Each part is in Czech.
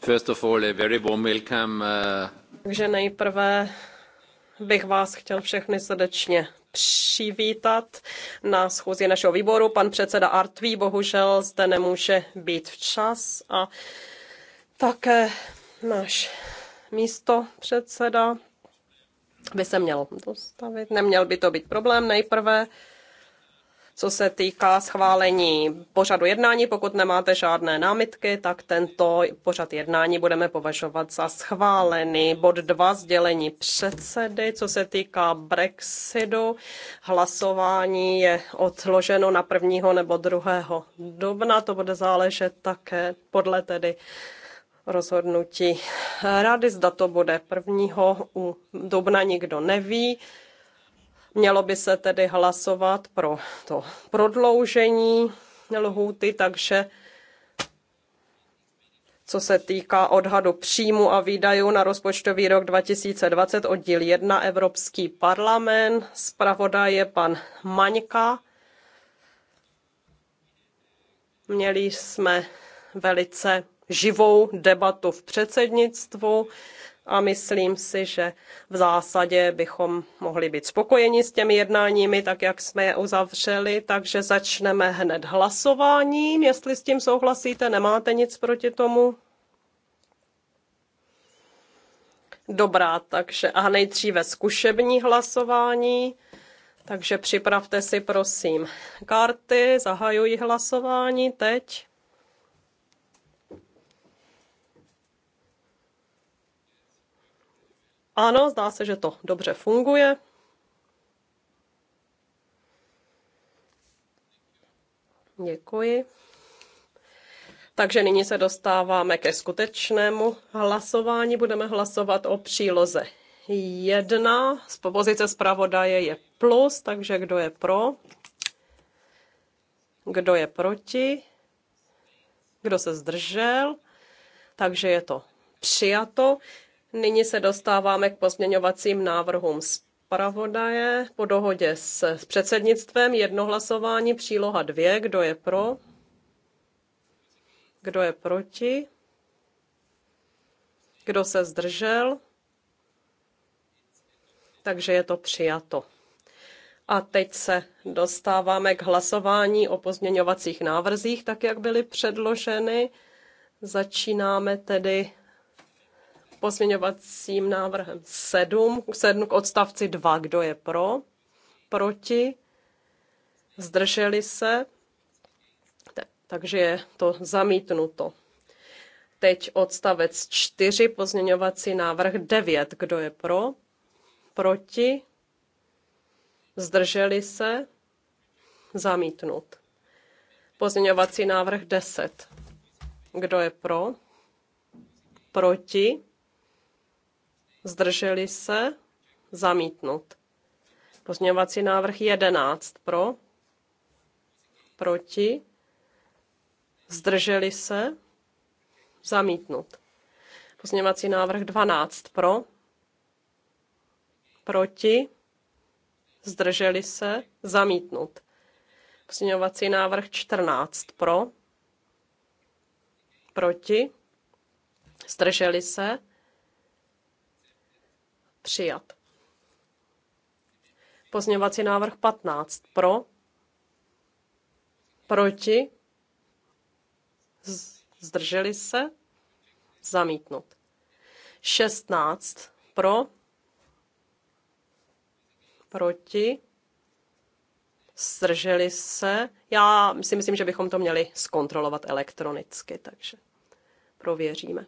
First of all, a very warm welcome. Uh, Takže nejprve bych vás chtěl všechny srdečně přivítat na schůzi našeho výboru. Pan předseda Artví bohužel zde nemůže být včas a také náš místo předseda by se měl dostavit. Neměl by to být problém nejprve. Co se týká schválení pořadu jednání, pokud nemáte žádné námitky, tak tento pořad jednání budeme považovat za schválený. Bod 2 sdělení předsedy, co se týká Brexitu, hlasování je odloženo na 1. nebo 2. dubna, to bude záležet také podle tedy rozhodnutí rady, zda to bude 1. dubna, nikdo neví. Mělo by se tedy hlasovat pro to prodloužení lhůty, takže co se týká odhadu příjmu a výdajů na rozpočtový rok 2020, oddíl 1 Evropský parlament, zpravodaj je pan Maňka. Měli jsme velice živou debatu v předsednictvu a myslím si, že v zásadě bychom mohli být spokojeni s těmi jednáními, tak jak jsme je uzavřeli, takže začneme hned hlasováním, jestli s tím souhlasíte, nemáte nic proti tomu. Dobrá, takže a nejdříve zkušební hlasování. Takže připravte si prosím karty, zahajuji hlasování teď. Ano, zdá se, že to dobře funguje. Děkuji. Takže nyní se dostáváme ke skutečnému hlasování. Budeme hlasovat o příloze 1. Z pozice zpravodaje je plus, takže kdo je pro? Kdo je proti? Kdo se zdržel? Takže je to přijato. Nyní se dostáváme k pozměňovacím návrhům zpravodaje po dohodě s předsednictvem. jednohlasování příloha dvě. Kdo je pro? Kdo je proti? Kdo se zdržel? Takže je to přijato. A teď se dostáváme k hlasování o pozměňovacích návrzích, tak jak byly předloženy. Začínáme tedy pozměňovacím návrhem 7, 7 k odstavci 2. Kdo je pro? Proti? Zdrželi se? Takže je to zamítnuto. Teď odstavec 4, pozměňovací návrh 9. Kdo je pro? Proti? Zdrželi se? Zamítnut. Pozměňovací návrh 10. Kdo je pro? Proti? zdrželi se, zamítnut. Pozměňovací návrh 11 pro, proti, zdrželi se, zamítnut. Pozměňovací návrh 12 pro, proti, zdrželi se, zamítnut. Pozměňovací návrh 14 pro, proti, zdrželi se, Přijat. Pozměňovací návrh 15. Pro. Proti. Zdrželi se. Zamítnut. 16. Pro. Proti. Zdrželi se. Já si myslím, že bychom to měli zkontrolovat elektronicky, takže prověříme.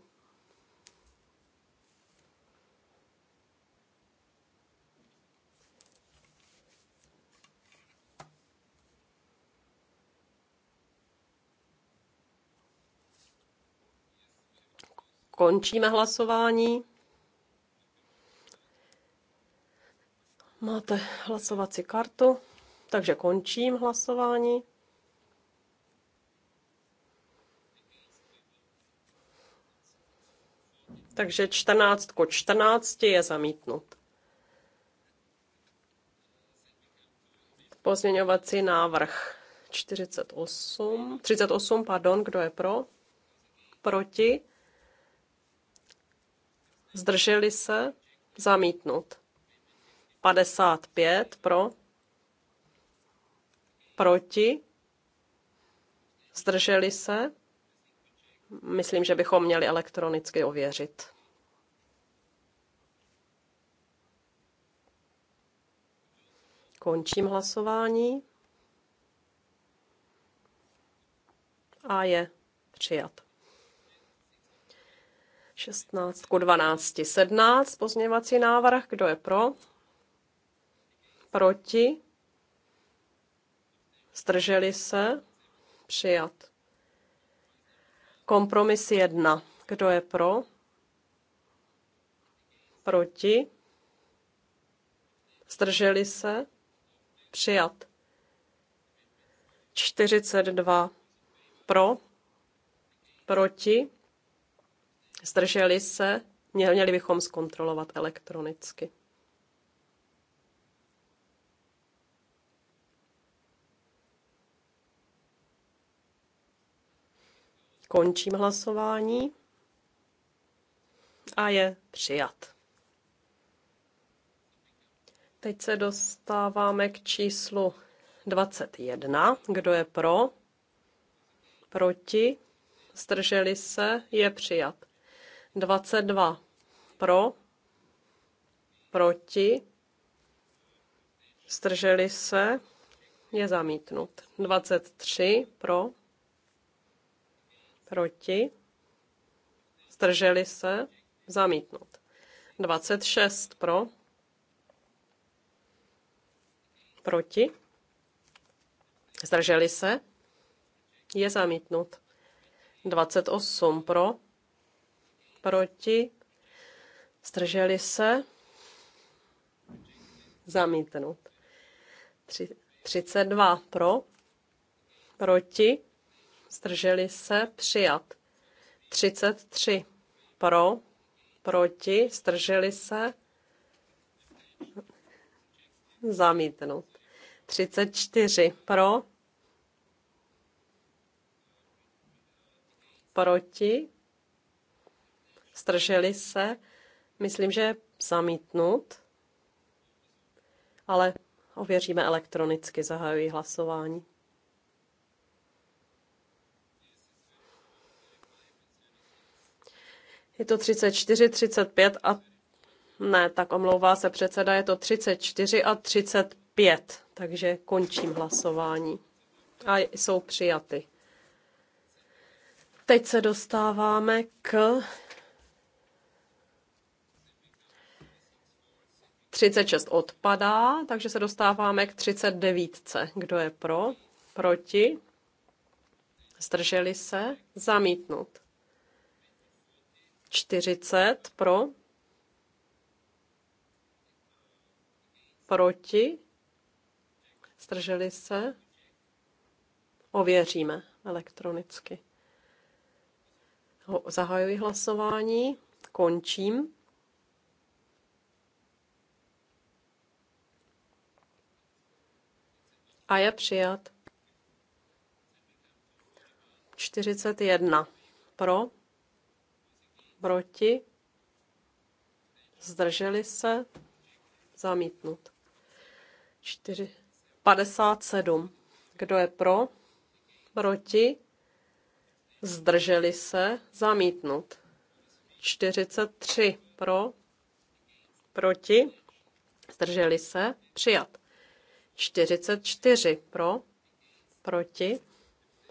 Končíme hlasování. Máte hlasovací kartu, takže končím hlasování. Takže 14 ko 14 je zamítnut. Pozměňovací návrh 48, 38, pardon, kdo je pro? Proti? zdrželi se, zamítnut. 55 pro, proti, zdrželi se. Myslím, že bychom měli elektronicky ověřit. Končím hlasování. A je přijat. 16 12, 17 pozměňovací návrh. Kdo je pro? Proti? Zdrželi se? Přijat. Kompromis 1. Kdo je pro? Proti? Zdrželi se? Přijat. 42 pro, proti, Zdrželi se? Měli bychom zkontrolovat elektronicky. Končím hlasování a je přijat. Teď se dostáváme k číslu 21. Kdo je pro? Proti? Zdrželi se? Je přijat. 22 pro, proti, zdrželi se, je zamítnut. 23 pro, proti, zdrželi se, zamítnut. 26 pro, proti, zdrželi se, je zamítnut. 28 pro, proti, zdrželi se, zamítnut. 32 pro, proti, zdrželi se, přijat. 33 pro, proti, zdrželi se, zamítnut. 34 pro, proti, Zdrželi se? Myslím, že zamítnut. Ale ověříme elektronicky. zahajují hlasování. Je to 34, 35 a ne, tak omlouvá se předseda, je to 34 a 35, takže končím hlasování. A jsou přijaty. Teď se dostáváme k 36 odpadá, takže se dostáváme k 39. Kdo je pro? Proti? Zdrželi se? Zamítnut. 40 pro? Proti? Zdrželi se? Ověříme elektronicky. Zahajuji hlasování, končím. A je přijat. 41. Pro. Proti. Zdrželi se. Zamítnut. 4. 57. Kdo je pro? Proti. Zdrželi se. Zamítnut. 43. Pro. Proti. Zdrželi se. Přijat. 44 pro, proti,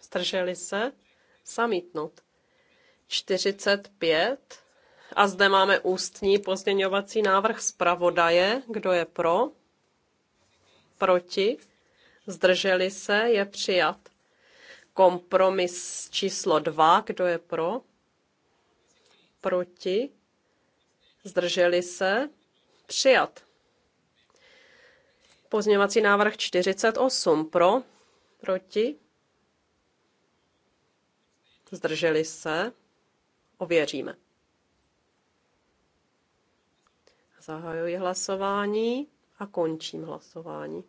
zdrželi se, samítnut. 45 a zde máme ústní pozměňovací návrh zpravodaje, kdo je pro, proti, zdrželi se, je přijat. Kompromis číslo 2, kdo je pro, proti, zdrželi se, přijat. Pozměňovací návrh 48 pro, proti, zdrželi se, ověříme. Zahajuji hlasování a končím hlasování.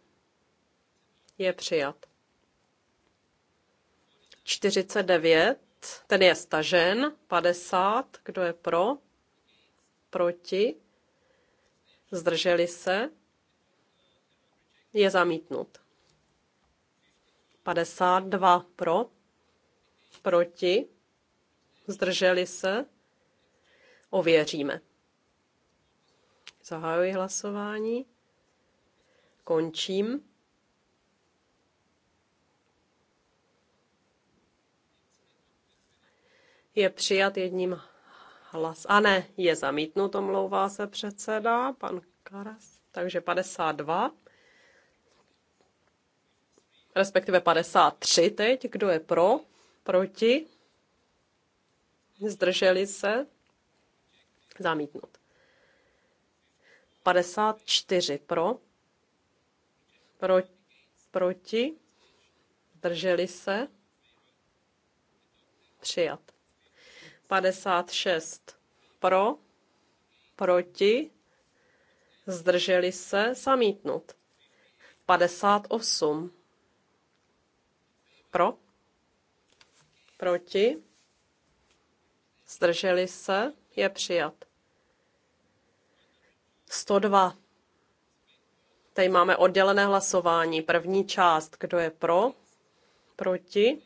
Je přijat. 49, ten je stažen, 50, kdo je pro, proti, zdrželi se, je zamítnut. 52 pro, proti, zdrželi se, ověříme. Zahajuji hlasování, končím. Je přijat jedním hlas. A ne, je zamítnut, omlouvá se předseda, pan Karas. Takže 52 respektive 53 teď, kdo je pro, proti, zdrželi se, zamítnout. 54 pro, pro proti, zdrželi se, přijat. 56 pro, proti, zdrželi se, zamítnout. 58 pro? Proti? Zdrželi se? Je přijat. 102. Tady máme oddělené hlasování. První část, kdo je pro, proti,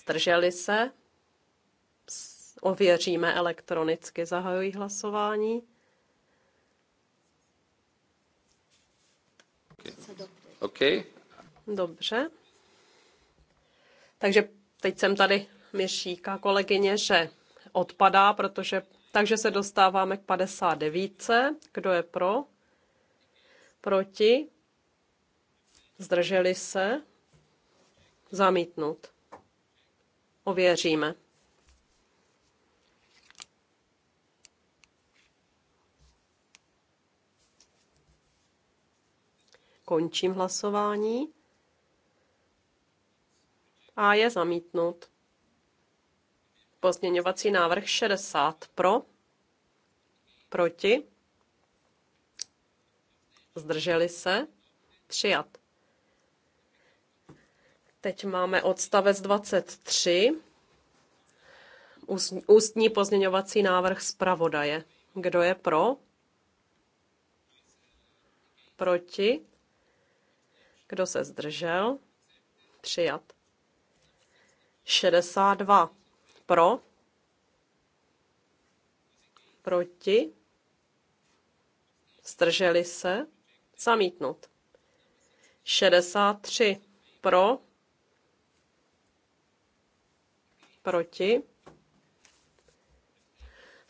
zdrželi se, ověříme elektronicky, zahajují hlasování. Okay. Dobře. Takže teď jsem tady, měšíka kolegyně, že odpadá, protože, takže se dostáváme k 59. Kdo je pro? Proti? Zdrželi se? Zamítnut. Ověříme. Končím hlasování a je zamítnut. Pozměňovací návrh 60 pro, proti, zdrželi se, přijat. Teď máme odstavec 23, ústní pozměňovací návrh zpravodaje. Kdo je pro? Proti? Kdo se zdržel? Přijat. 62 pro, proti, zdrželi se, zamítnut. 63 pro, proti,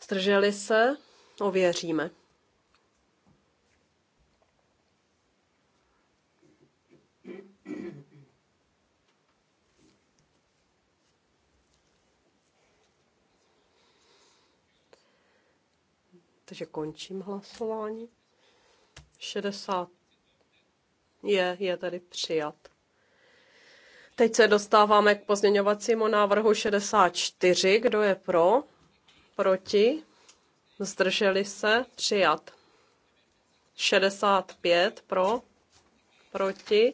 zdrželi se, ověříme. Takže končím hlasování. 60 je, je tady přijat. Teď se dostáváme k pozměňovacímu návrhu 64. Kdo je pro? Proti? Zdrželi se? Přijat. 65 pro? Proti?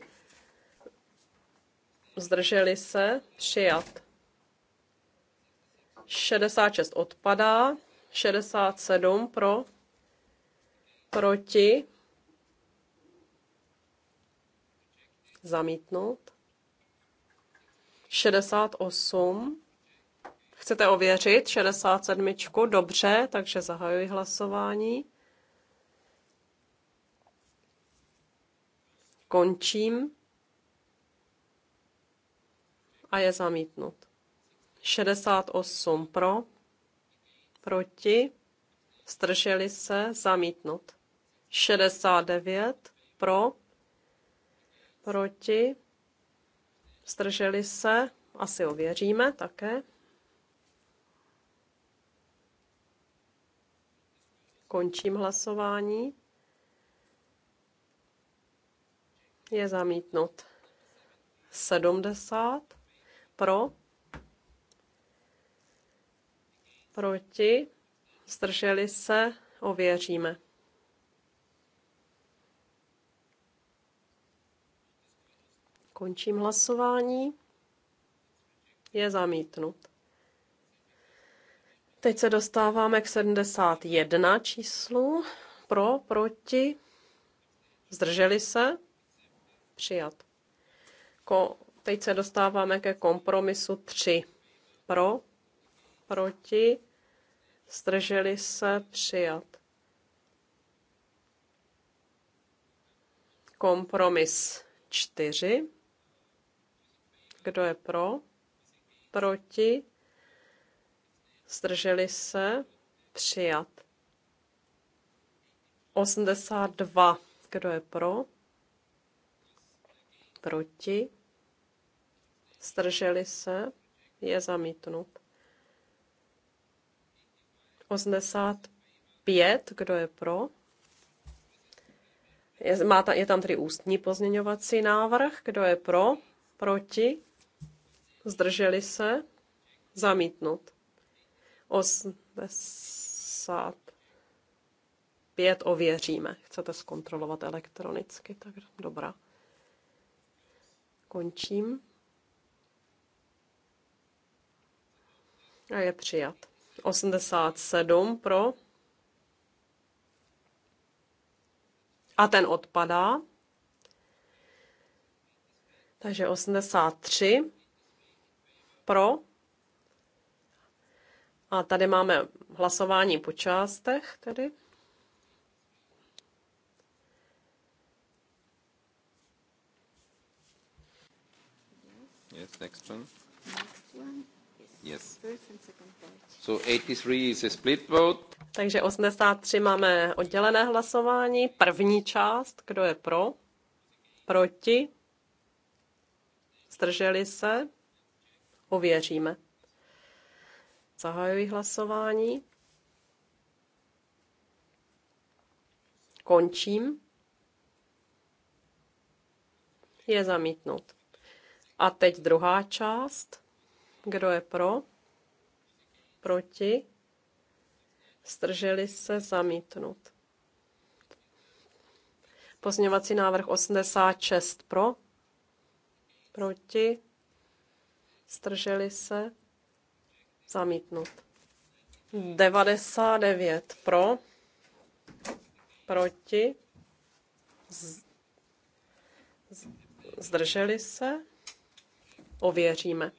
Zdrželi se? Přijat. 66 odpadá. 67 pro, proti, zamítnout. 68. Chcete ověřit 67? Dobře, takže zahajuji hlasování. Končím. A je zamítnut. 68 pro, proti, zdrželi se, zamítnut. 69 pro, proti, zdrželi se, asi ověříme také. Končím hlasování. Je zamítnut. 70 pro, proti, zdrželi se, ověříme. Končím hlasování. Je zamítnut. Teď se dostáváme k 71 číslu. Pro, proti, zdrželi se, přijat. Ko, teď se dostáváme ke kompromisu 3. Pro, proti, zdrželi se, přijat. Kompromis 4. Kdo je pro? Proti? Zdrželi se? Přijat. 82. Kdo je pro? Proti? Zdrželi se? Je zamítnut. 85, kdo je pro? Je, má ta, je tam tedy ústní pozměňovací návrh, kdo je pro? Proti? Zdrželi se? Zamítnut. 85, ověříme. Chcete zkontrolovat elektronicky, tak dobrá. Končím. A je přijat. 87 pro. A ten odpadá. Takže 83 pro. A tady máme hlasování po částech tedy. Yes, next one. Next one. Yes. yes. First and second part. So 83 is a split vote. Takže 83 máme oddělené hlasování. První část, kdo je pro, proti, zdrželi se, ověříme. Zahajuji hlasování. Končím. Je zamítnut. A teď druhá část. Kdo je pro? proti, zdrželi se zamítnut. Pozměňovací návrh 86 pro, proti, zdrželi se zamítnut. 99 pro, proti, zdrželi se, ověříme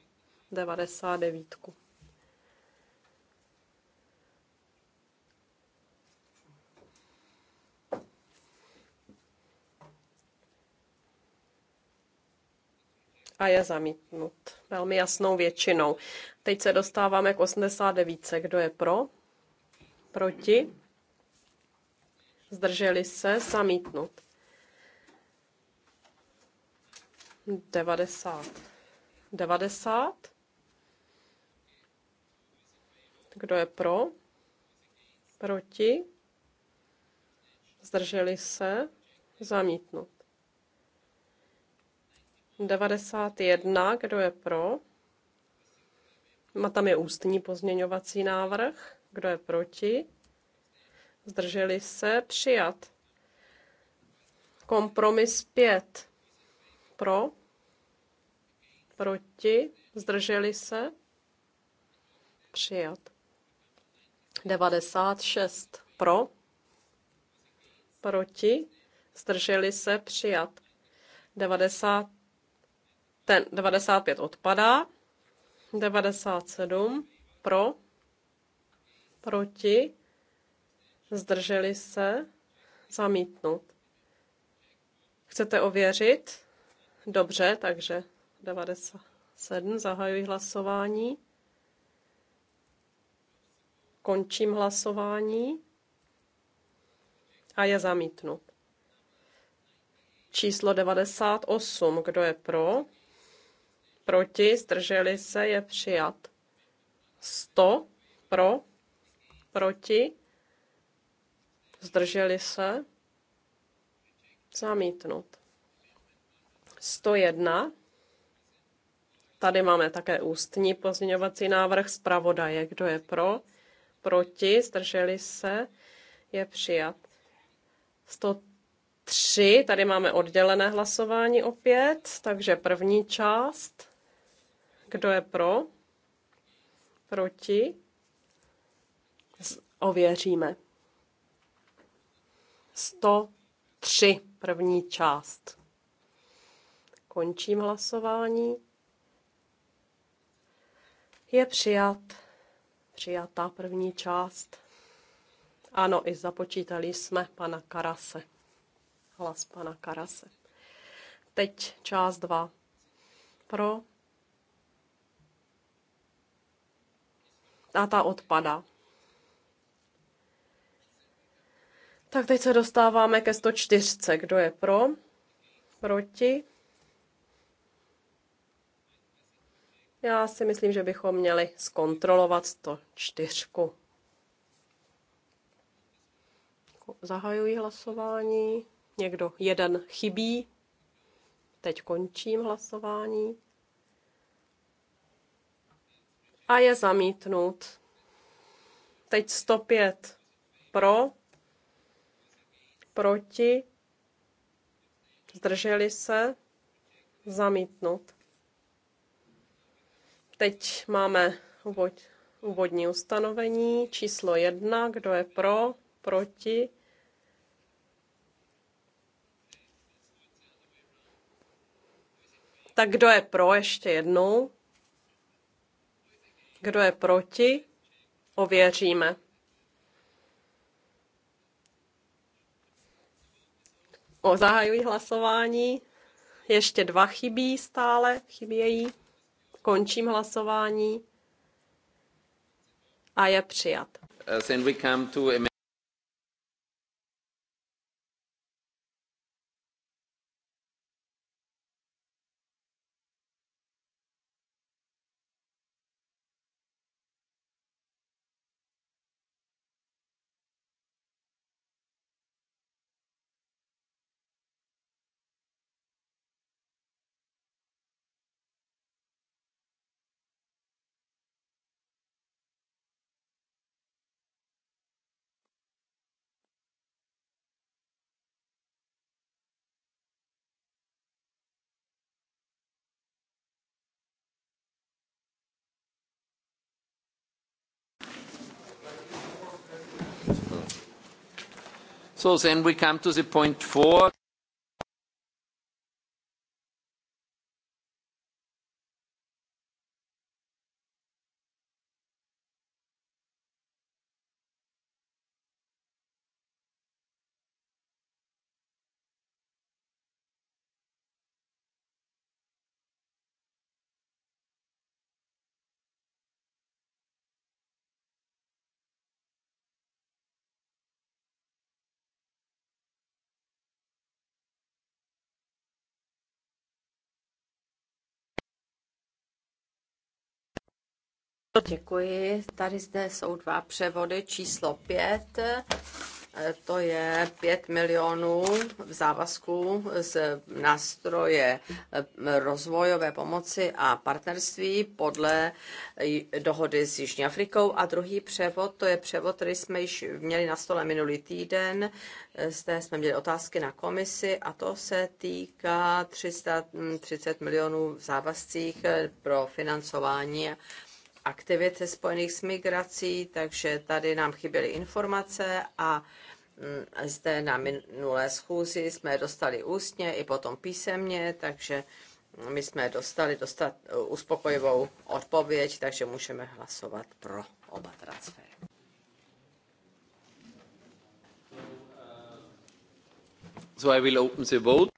99. a je zamítnut velmi jasnou většinou. Teď se dostáváme k 89. Kdo je pro? Proti? Zdrželi se? Zamítnut. 90. 90. Kdo je pro? Proti? Zdrželi se? Zamítnut. 91, kdo je pro? A tam je ústní pozměňovací návrh. Kdo je proti? Zdrželi se? Přijat. Kompromis 5. Pro? Proti? Zdrželi se? Přijat. 96. Pro? Proti? Zdrželi se? Přijat. 90 ten 95 odpadá. 97 pro, proti, zdrželi se, zamítnout. Chcete ověřit? Dobře, takže 97, zahajuji hlasování. Končím hlasování a je zamítnut. Číslo 98, kdo je pro? proti, zdrželi se, je přijat. 100 pro, proti, zdrželi se, zamítnut. 101. Tady máme také ústní pozměňovací návrh zpravodaje. Kdo je pro? Proti? Zdrželi se? Je přijat. 103. Tady máme oddělené hlasování opět, takže první část kdo je pro? Proti? Ověříme. 103, první část. Končím hlasování. Je přijat. Přijatá první část. Ano, i započítali jsme pana Karase. Hlas pana Karase. Teď část 2. Pro a ta odpada. Tak teď se dostáváme ke 104. Kdo je pro? Proti? Já si myslím, že bychom měli zkontrolovat 104. Zahajuji hlasování. Někdo jeden chybí. Teď končím hlasování a je zamítnut. Teď 105 pro, proti, zdrželi se, zamítnut. Teď máme úvod, úvodní ustanovení číslo 1, kdo je pro, proti, Tak kdo je pro ještě jednou? Kdo je proti? Ověříme. O, zahajuji hlasování. Ještě dva chybí stále, chybějí. Končím hlasování. A je přijat. Uh, So then we come to the point four. Děkuji. Tady zde jsou dva převody. Číslo 5, e, to je 5 milionů v závazku z nástroje e, rozvojové pomoci a partnerství podle e, dohody s Jižní Afrikou. A druhý převod, to je převod, který jsme již měli na stole minulý týden. Zde jsme měli otázky na komisi a to se týká 330 milionů v závazcích pro financování aktivit spojených s migrací, takže tady nám chyběly informace a mm, zde na minulé schůzi jsme dostali ústně i potom písemně, takže my jsme dostali dostat uspokojivou odpověď, takže můžeme hlasovat pro oba transfery. So I will open the vote.